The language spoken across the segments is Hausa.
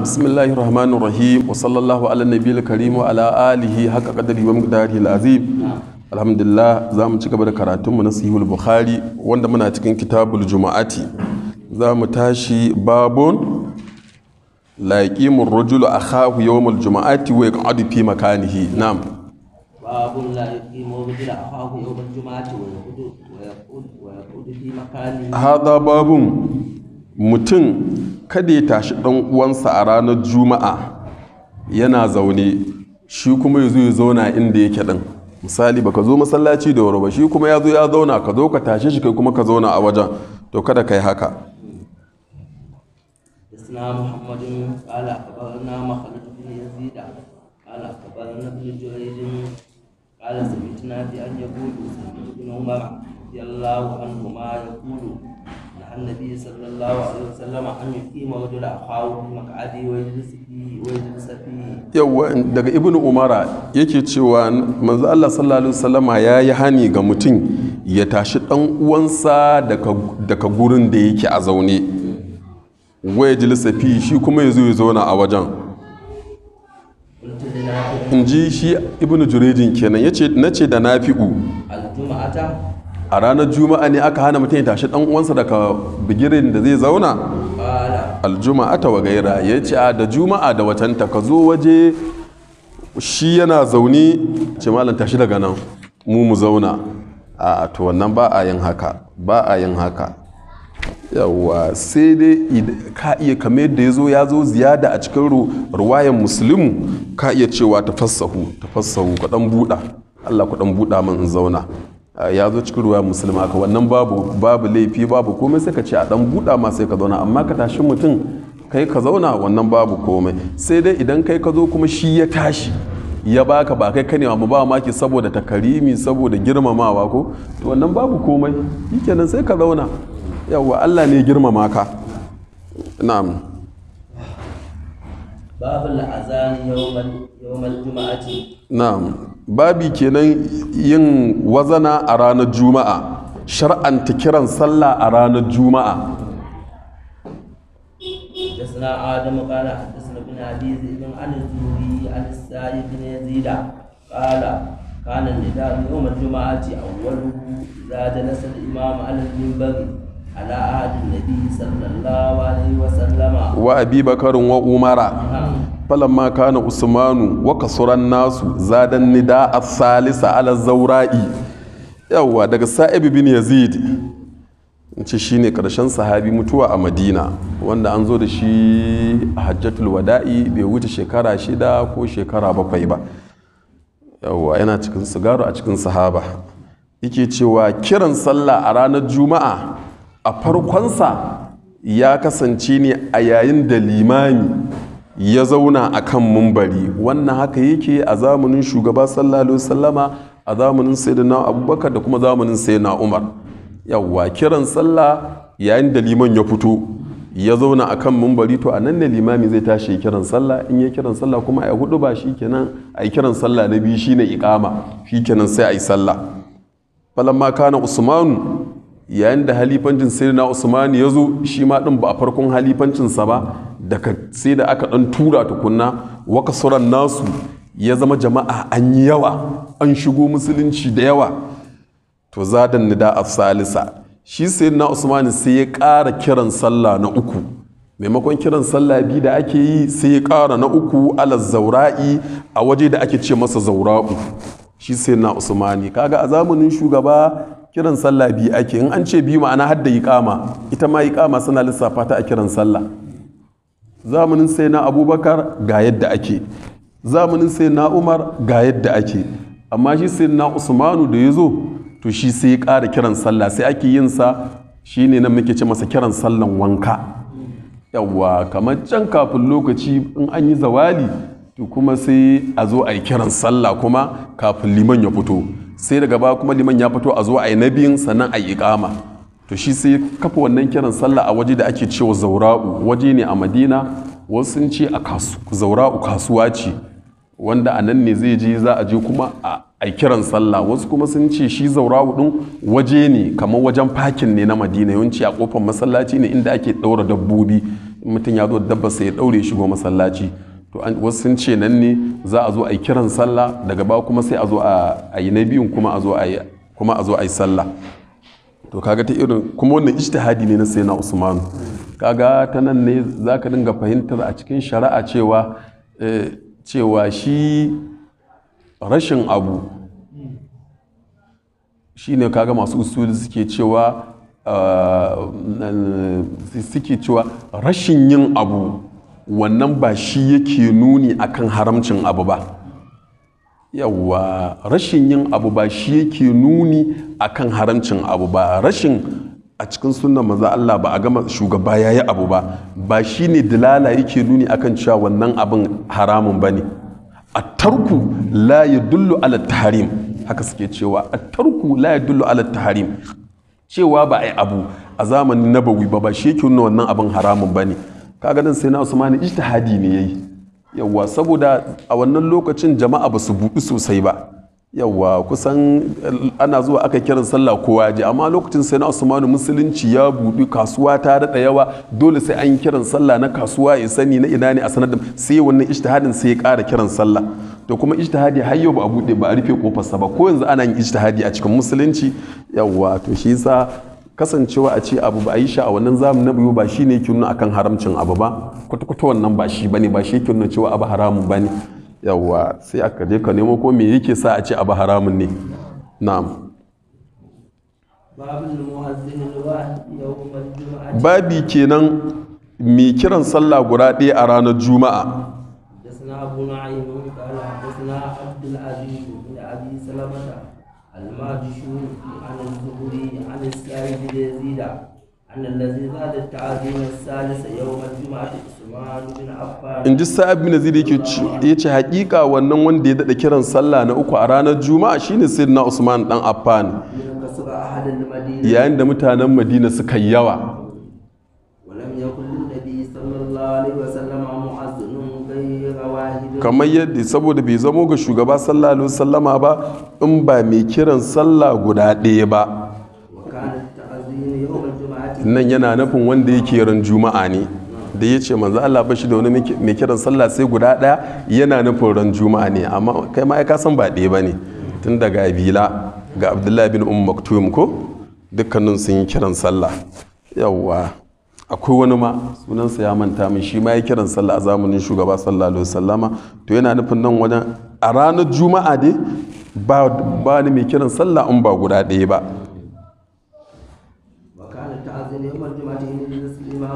bismillahir rahmanir rahim wa sallallahu ala nabiyil karim wa ala alihi haka qadari wa miqdari azim alhamdulillah ci gaba da karatun mu na sahihul bukhari wanda muna cikin kitabul jumu'ati zamu tashi babun la yaqimur rajulu akhahu yawmal jumu'ati wa yaq'adu fi makanihi na'am babun la rajulu akhahu yawmal jumu'ati wa yaq'udu wa yaq'udu fi makanihi hada babun mutum kada ya tashi ɗan uwansa a ranar juma'a yana zaune shi kuma ya zo ya zauna inda yake ɗin misali ba ka zo masallaci da ba shi kuma ya zo ya zauna ka zo ka tashe shi kai kuma ka zauna a wajen to kada ka yi haka قال أخبرنا مخلد بن يزيد قال أخبرنا ابن جريج قال سمعت نافعا يقول سمعت ابن عمر رضي الله عنهما يقول عن النبي صلى الله عليه وسلم أن يقيم رجل أخاه ويجلس فيه ويجلس فيه دغ ابن عمر yake cewa manzo Allah sallallahu alaihi ya yi hani ga mutum ya tashi dan uwansa daga gurin da yake a zaune Wai jilisa fi shi kuma ya zo ya zauna a wajen in ji shi ibnu juredin kenan na ce da nafi'u a ranar juma'a ne aka hana mutum ya tashi dan uwansa daga bigirin da zai zauna aljuma'a ta wagaira ya ce a da juma'a da watanta ka zo waje shi yana zaune ce malam tashi daga nan mu mu zauna a to wannan ba a yin haka ba a yin haka yawa sai dai ka iya kame da ya zo ya zo ziyada a cikin ruwayan musulmi ka iya cewa tafassahu tafassahu ka dan buɗa Allah ku dan buɗa min in zauna Eh, ya zo cikin ruwa musulma ka wannan babu babu laifi babu komai sai ka ce a dan buɗa ma sai ka zauna amma ka tashi mutum kai ka zauna wannan babu komai sai dai idan kai ka zo kuma shi ya tashi ya baka ba kai kane mu ba maki saboda takarimi saboda girmamawa ko to wannan babu komai shikenan sai ka zauna yawa Allah ne girmama ka na'am babu al'azan yawmal yawmal juma'ati na'am babi kenan yin wazana a ranar juma'a shar'anta kiran sallah a ranar juma'a حدثنا آدم قال حدثنا ابن كان النداء يوم الجمعة أوله إذا جلس الإمام على المنبر على عهد النبي صلى الله عليه وسلم وأبي بكر وعمر maka na usmanu wa kasuran nasu zadan nida a salisa ala zaura'i yawwa daga sa'ib bin yazid ce shine karshen sahabi mutuwa a madina wanda an zo da shi a hajjatul wada'i bai wuce shekara shida ko shekara bakwai ba yawwa yana cikin sigaru a cikin sahaba yake cewa kiran sallah a ranar juma'a a farkonsa ya kasance ne a yayin da limami ya zauna a kan mumbari wannan haka yake a zamanin shugaba sallallahu sallama a zamanin sayyidina abubakar da kuma zamanin sayyidina umar yawwa kiran sallah yayin da liman ya fito ya zauna a kan mumbari to a nan ne limami zai tashi kiran sallah in ya kiran sallah kuma a hudu ba shi kenan a kiran sallah na biyu shine ikama shi kenan sai a yi sallah falamma kana usmanu yayin da halifancin sayyidina usman ya zo shi ma din ba a farkon halifancinsa ba daga sai da aka ɗan tura tukunna waka sauran nasu ya zama jama'a an yi yawa an shigo musulunci da yawa to zadan nida a salisa shi sai na usmani sai ya ƙara kiran sallah na uku maimakon kiran sallah bi da ake yi sai ya ƙara na uku ala zaura'i a waje da ake ce masa zaura'u shi sai na usmani kaga a zamanin shugaba kiran sallah biyu ake in an ce biyu ma'ana hadda kama ita ma kama suna lissafa ta a kiran sallah zamanin sai na abubakar ga yadda ake zamanin sai na umar ga yadda ake amma shi sai na usmanu da ya zo to shi sai ya ƙara kiran sallah sai ake yin sa shi ne nan muke ce masa kiran sallan wanka yawwa kamar can kafin lokaci in an yi zawali to kuma sai a zo a yi kiran sallah kuma kafin liman ya fito sai daga ba kuma liman ya fito a zo a yi na biyun sannan a yi ikama to shi sai kafa wannan kiran sallah a waje da ake cewa zaura'u waje ne a madina wasu sun ce a zaura'u kasuwa ce wanda a nan ne zai je za a je kuma a kiran sallah wasu kuma sun ce shi zaura'u din waje ne kamar wajen fakin ne na madina yawanci a kofar masallaci ne inda ake ɗaura dabbobi mutum ya zo dabba sai ya ɗaure shigo masallaci to wasu sun ce nan ne za a zo a kiran sallah daga ba kuma sai a zo a yi na biyun kuma a zo a yi sallah to kaga ta irin kuma wannan ijtihadi ne na sayyidina usman kaga ta nan ne zaka dinga fahimtar a cikin shari'a cewa eh, cewa shi rashin abu shine kaga masu usuli suke cewa eh, suke cewa rashin yin abu wannan ba shi yake nuni akan haramcin abu ba Yawwa, rashin yin abu ba shi yake nuni akan haramcin abu ba rashin a cikin sunan maza Allah ba a gama shugaba ya yi abu ba ba shi ne dalala yake nuni akan cewa wannan abin haramun ba ne a tarku la ya dullu ala taharim haka suke cewa a tarku la ya dullu ala taharim cewa ba a yi abu a zamanin nabawi ba ba shi yake nuna wannan abin haramun ba ne kaga nan sai na usmani ijtihadi ne yayi yawwa saboda a wannan lokacin jama'a ba su buɗu sosai ba yawwa kusan eh, ana zuwa aka kiran sallah kowa ji amma lokacin sai na usmanu musulunci ya buɗi kasuwa ta daɗa yawa dole sai an kiran sallah na kasuwa ya sani na ina ne a sanadin sai wannan ijtihadin sai ya kara kiran sallah to kuma ijtihadi har yau ba a buɗe ba a rufe sa ba ko yanzu ana yin ijtihadi a cikin musulunci yawwa to shi yasa kasancewa a ce abu ba a yi shi a wannan zamu na biyu ba shi ne yake nuna kan haramcin abu ba kwata-kwata wannan ba shi ne ba shi yake nuna cewa abu haramun ba ne yawwa sai aka je ka nemo ko me yake sa a ce abu haramun ne na'am babi kenan mai kiran sallah guda ɗaya a ranar juma'a inji عن الزهري عن haƙiƙa بن يزيد الذي زاد التعظيم الثالث يوم الجمعة عثمان بن عفان إن يزيد wannan wanda ya dada kiran sallah na uku a ranar juma'a shine sayyidina Usman dan Affan yayin da mutanen Madina suka yawa kamar yadda saboda bai zamo ga shugaba sallalu sallama ba in ba mai kiran sallah guda ɗaya ba nan yana nufin wanda yake ran juma'a ne da ya ce manzo Allah bashi da wani mai kiran sallah sai guda ɗaya yana nufin ran juma'a ne amma kai ma ka san ba ɗaya ba ne tun daga abila ga abdullahi bin um ko dukkanin sun yi kiran sallah yawwa akwai wani ma sunansa ya manta min shi ma ya kiran sallah a zamanin shugaba sallallahu alaihi wasallama to yana nufin nan wajen a ranar juma'a dai ba ba ni mai kiran sallah in ba guda ɗaya ba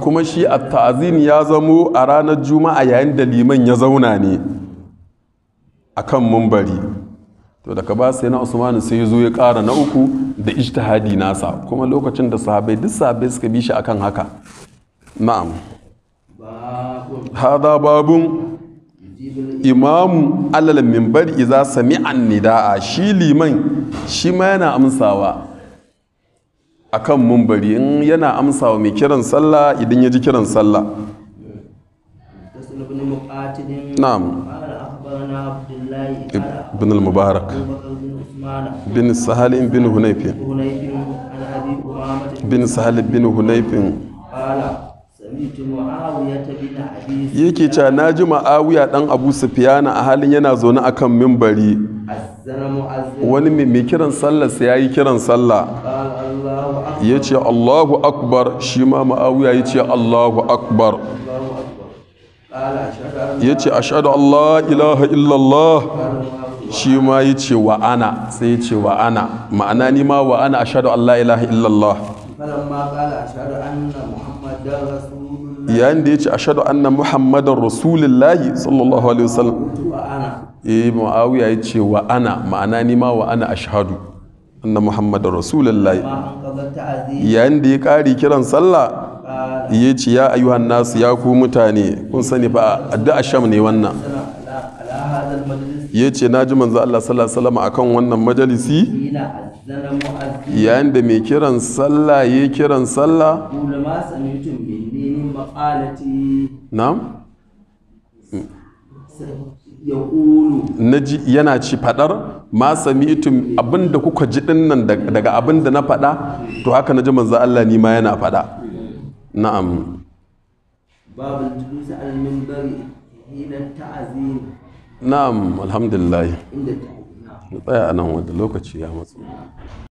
kuma shi a ta'azin ya zamo a ranar juma'a yayin da liman ya zauna ne a kan mumbari to daga ba sai na usmanu sai ya zo ya kara na uku da ijtihadi nasa kuma lokacin da sahabai duk sahabai suka bi shi akan haka na'am hada babun imamu alal minbar iza sami'an nida'a shi liman shi ma yana amsawa akan mumbari in yana amsawa mai kiran sallah idan ya ji kiran sallah na'am ibn al-mubarak bin sahalin bin hunayfin bin sahal bin hunayfin yake cewa na ji ma'awuya dan abu sufiyana a halin yana zaune a kan mimbari wani mai kiran sallarsa ya yi kiran sallah ya ce allahu akbar shi ma ma'awiya ya ce allahu akbar ya ce ashadu allah ilaha illallah shi ma yi ce wa ana sai ya ce wa ana ma'ana ni ma wa ana ashadu an la ilaha illallah yayin da ya ce a shaɗu annan muhammadan rasulillahi sallallahu alaihi wasallam yi eh, muawiya ya ce wa ana ma'ana ni ma wa ana shaɗu annan muhammadan rasulillahi yayin da ya ƙari kiran sallah ya ce ya ayyuhan nasu ya ku mutane kun sani fa addu'a sham ne wannan ya ce na ji manzo Allah sallallahu alaihi akan wannan majalisi yayin da mai kiran sallah ya kiran sallah na'am naji yana ci fadar ma sami'tu abinda kuka ji dinnan daga abinda na fada to haka naji manzo Allah ni ma yana fada na'am babu julus al-minbari hina ta'zim na'am alhamdulillah tsaya a nan wanda lokaci ya matsu